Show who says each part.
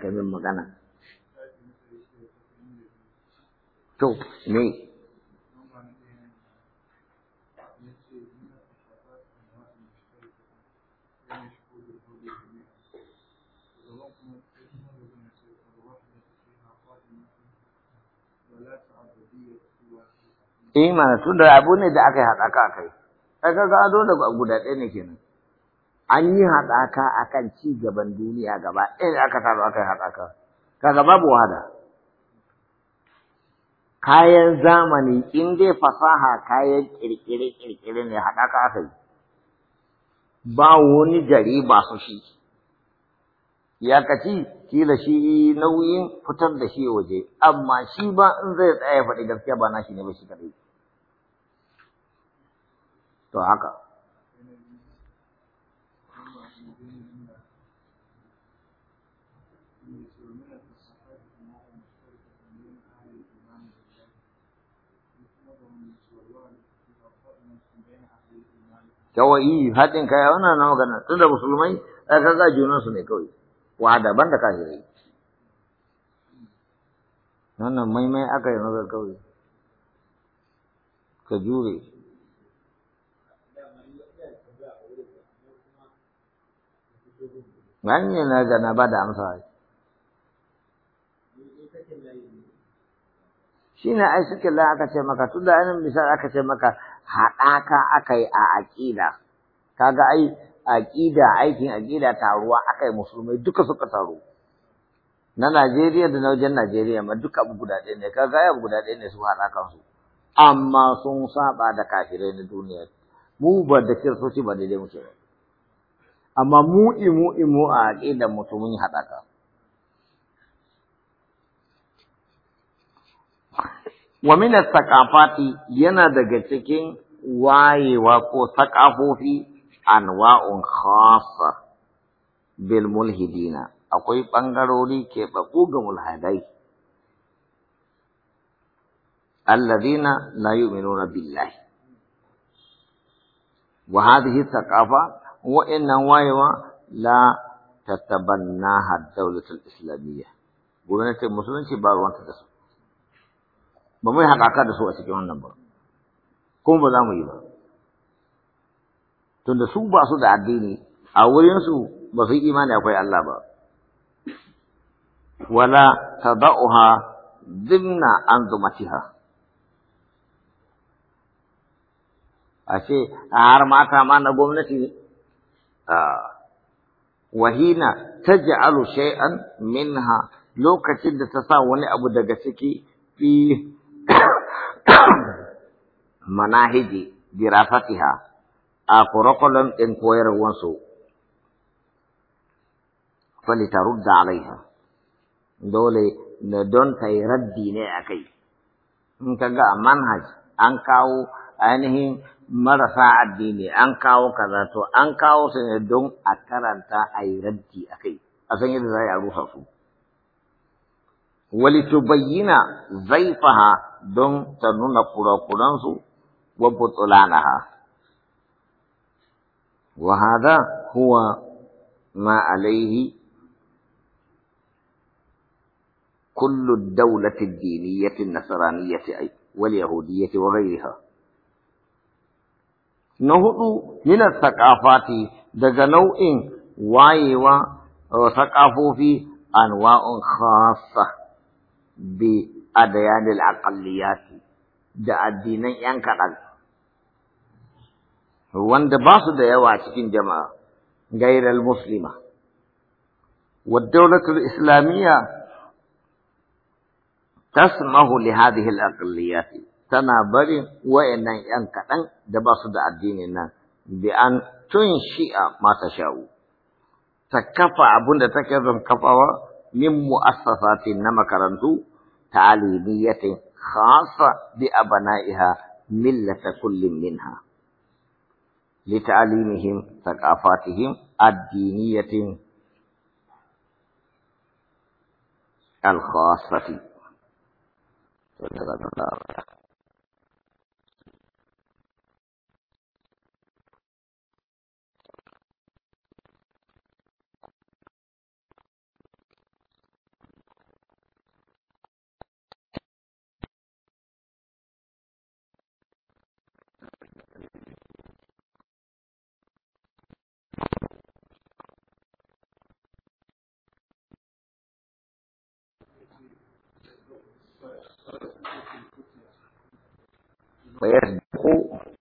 Speaker 1: kai min magana to me Imana eh, tun da abu ne da aka yi haɗaka kai, ai gado da guda ɗaya ne kenan. an yi haɗaka akan ci gaban duniya gaba ɗaya aka samu aka yi haɗaka kaga babu wahala kayan zamani in dai fasaha kayan ƙirƙire ƙirƙire ne haɗaka aka yi ba wani gari ba su shi ya kaci kila shi nauyin fitar da shi waje amma shi ba in zai tsaya faɗi gaskiya ba na shi ne ba shi kaɗai to haka وجملة yi kawai haɗin kaya wannan na magana da musulmai ai kaga junansu ne kawai wa daban da kafirai wannan maimai aka yi nazar kawai ka jure Nan na gana ba da amsa shi ne ai suke la aka ce maka tun da ainihin misal aka ce maka haɗaka aka yi a aƙida kaga ai aƙida aikin aƙida taruwa aka yi musulmai duka suka taru na Najeriya da na wajen Najeriya ma duka abu guda ɗaya ne kaga ya abu guda ɗaya ne su haɗakan su amma sun saba da kafirai na duniya mu ba da kiristoci ba daidai muke ba amma mu imu imu a aƙidan mutum mun haɗaka wa min as yana daga cikin wayewa ko sakafofi anwa'un khassa bil mulhidina akwai bangarori ke babu ga mulhadai alladhina la yu'minuna billahi wa hadhihi thaqafa wa inna wayewa la tatabannaha ad islamiyya gwamnatin musulunci ba ruwanta da su ba mu yi haƙaƙa da su a cikin wannan ba kuma ba za mu yi ba tunda su ba su da addini a wurinsu ba su yi imani akwai Allah ba wala tada'uha dimna anzumatiha a har mata ma na gwamnati ne wahina taj'alu shay'an minha lokacin da ta sa wani abu daga ciki fi manahiji dirasatiha a kurikulum ɗin koyarwansu falitarudda alaiha dole na don ta yi raddi ne a kai in ka ga a manhaj an kawo ainihin marasa addini an kawo kaza to an kawo su don a karanta a yi raddi a kai a san yadda za a rufa su ولتبين زيفها دون تنون قرى قرانسو وبطلانها وهذا هو ما عليه كل الدولة الدينية النصرانية أي واليهودية وغيرها نهض من الثقافات دغ نوع وايوا ثقافو في أنواع خاصة بأديان الأقليات دا الدين ينكر هو عند بعض دعوة سكين جماعة غير المسلمة والدولة الإسلامية تسمح لهذه الأقليات تنابر وإن ينكر دا بعض بأن تنشئ ما تشاء تكفى عبودة تكفى كفوا من مؤسسات نمكرنت تعليمية خاصة بأبنائها ملة كل منها لتعليمهم ثقافاتهم الدينية الخاصة Where's